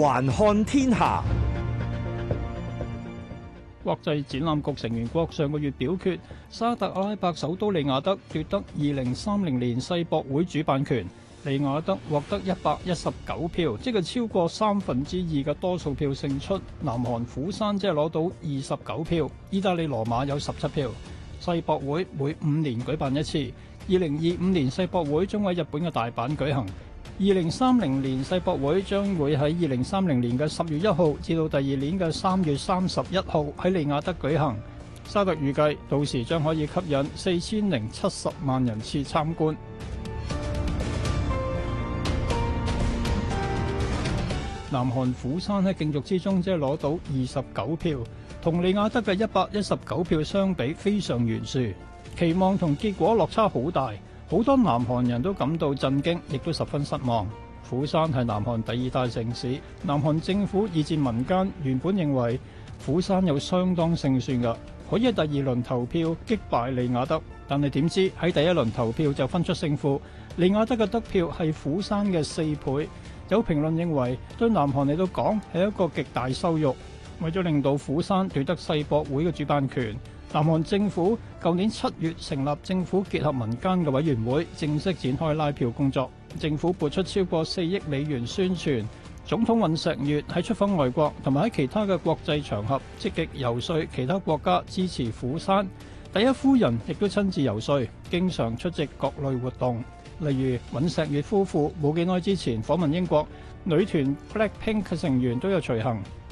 環看天下，國際展覽局成員國上個月表決，沙特阿拉伯首都利雅得奪得二零三零年世博會主辦權。利雅得獲得一百一十九票，即係超過三分之二嘅多數票勝出。南韓釜山即係攞到二十九票，意大利羅馬有十七票。世博會每五年舉辦一次，二零二五年世博會將喺日本嘅大阪舉行。二零三零年世博會將會喺二零三零年嘅十月一號至到第二年嘅三月三十一號喺利雅得舉行。沙特預計到時將可以吸引四千零七十萬人次參觀。南韓釜山喺競逐之中即係攞到二十九票，同利雅得嘅一百一十九票相比非常懸殊，期望同結果落差好大。好多南韓人都感到震驚，亦都十分失望。釜山係南韓第二大城市，南韓政府以至民間原本認為釜山有相當勝算嘅，可以第二輪投票擊敗利雅得，但係點知喺第一輪投票就分出勝負，利雅得嘅得票係釜山嘅四倍。有評論認為，對南韓嚟到講係一個極大羞辱。為咗令到釜山奪得世博會嘅主辦權，南韓政府舊年七月成立政府結合民間嘅委員會，正式展開拉票工作。政府撥出超過四億美元宣傳。總統尹錫悅喺出訪外國同埋喺其他嘅國際場合積極遊說其他國家支持釜山。第一夫人亦都親自遊說，經常出席各類活動。例如尹錫悅夫婦冇幾耐之前訪問英國，女團 BLACKPINK 成員都有隨行。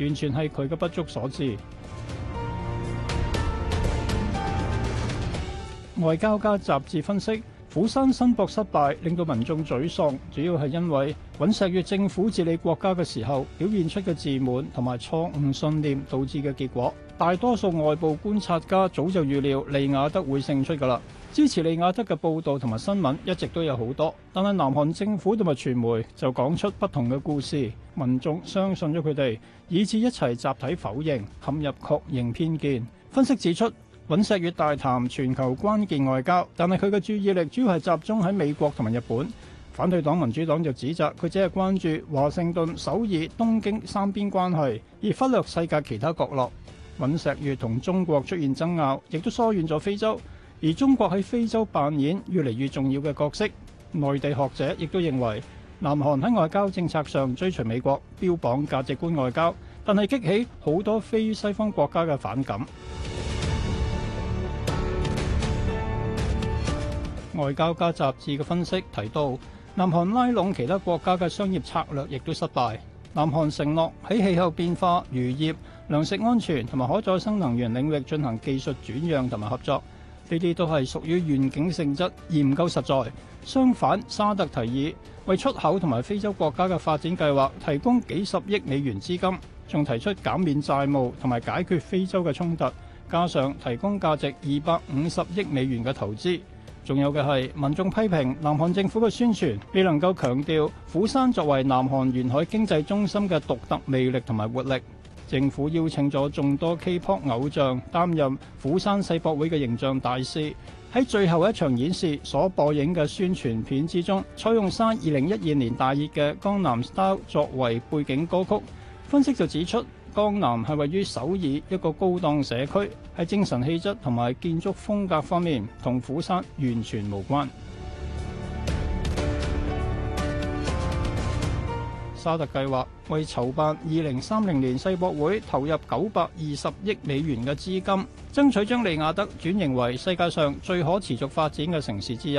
完全係佢嘅不足所致。外交家雜誌分析，釜山申博失敗令到民眾沮喪，主要係因為尹錫悅政府治理國家嘅時候表現出嘅自滿同埋錯誤信念導致嘅結果。大多數外部觀察家早就預料利雅得會勝出㗎喇。支持利雅得嘅報道同埋新聞一直都有好多，但係南韓政府同埋傳媒就講出不同嘅故事，民眾相信咗佢哋，以至一齊集體否認，陷入確認偏見。分析指出，尹錫悅大談全球關鍵外交，但係佢嘅注意力主要係集中喺美國同埋日本。反對黨民主黨就指責佢只係關注華盛頓、首爾、東京三邊關係，而忽略世界其他角落。尹錫悅同中國出現爭拗，亦都疏遠咗非洲，而中國喺非洲扮演越嚟越重要嘅角色。內地學者亦都認為，南韓喺外交政策上追隨美國，標榜價值觀外交，但係激起好多非西方國家嘅反感。外交家雜誌嘅分析提到，南韓拉攏其他國家嘅商業策略亦都失敗。南韓承諾喺氣候變化、漁業、糧食安全同埋可再生能源領域進行技術轉讓同埋合作，呢啲都係屬於願景性質，而唔夠實在。相反，沙特提議為出口同埋非洲國家嘅發展計劃提供幾十億美元資金，仲提出減免債務同埋解決非洲嘅衝突，加上提供價值二百五十億美元嘅投資。仲有嘅係民眾批評南韓政府嘅宣傳未能夠強調釜山作為南韓沿海經濟中心嘅獨特魅力同埋活力。政府邀請咗眾多 K-pop 偶像擔任釜山世博會嘅形象大使，喺最後一場演示所播映嘅宣傳片之中，採用山二零一二年大熱嘅《江南 Style》作為背景歌曲。分析就指出，《江南》係位於首爾一個高檔社區，喺精神氣質同埋建築風格方面，同釜山完全無關。沙特計劃為籌辦二零三零年世博會投入九百二十億美元嘅資金，爭取將利雅得轉型為世界上最可持續發展嘅城市之一。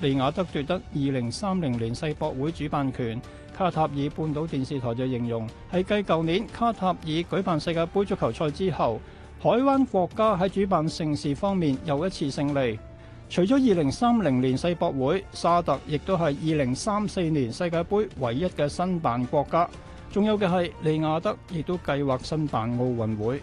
利雅得奪得二零三零年世博會主辦權，卡塔爾半島電視台就形容係繼舊年卡塔爾舉，舉辦世界盃足球賽之後，海灣國家喺主辦城市方面又一次勝利。除咗二零三零年世博會，沙特亦都係二零三四年世界盃唯一嘅申辦國家，仲有嘅係利雅得亦都計劃申辦奧運會。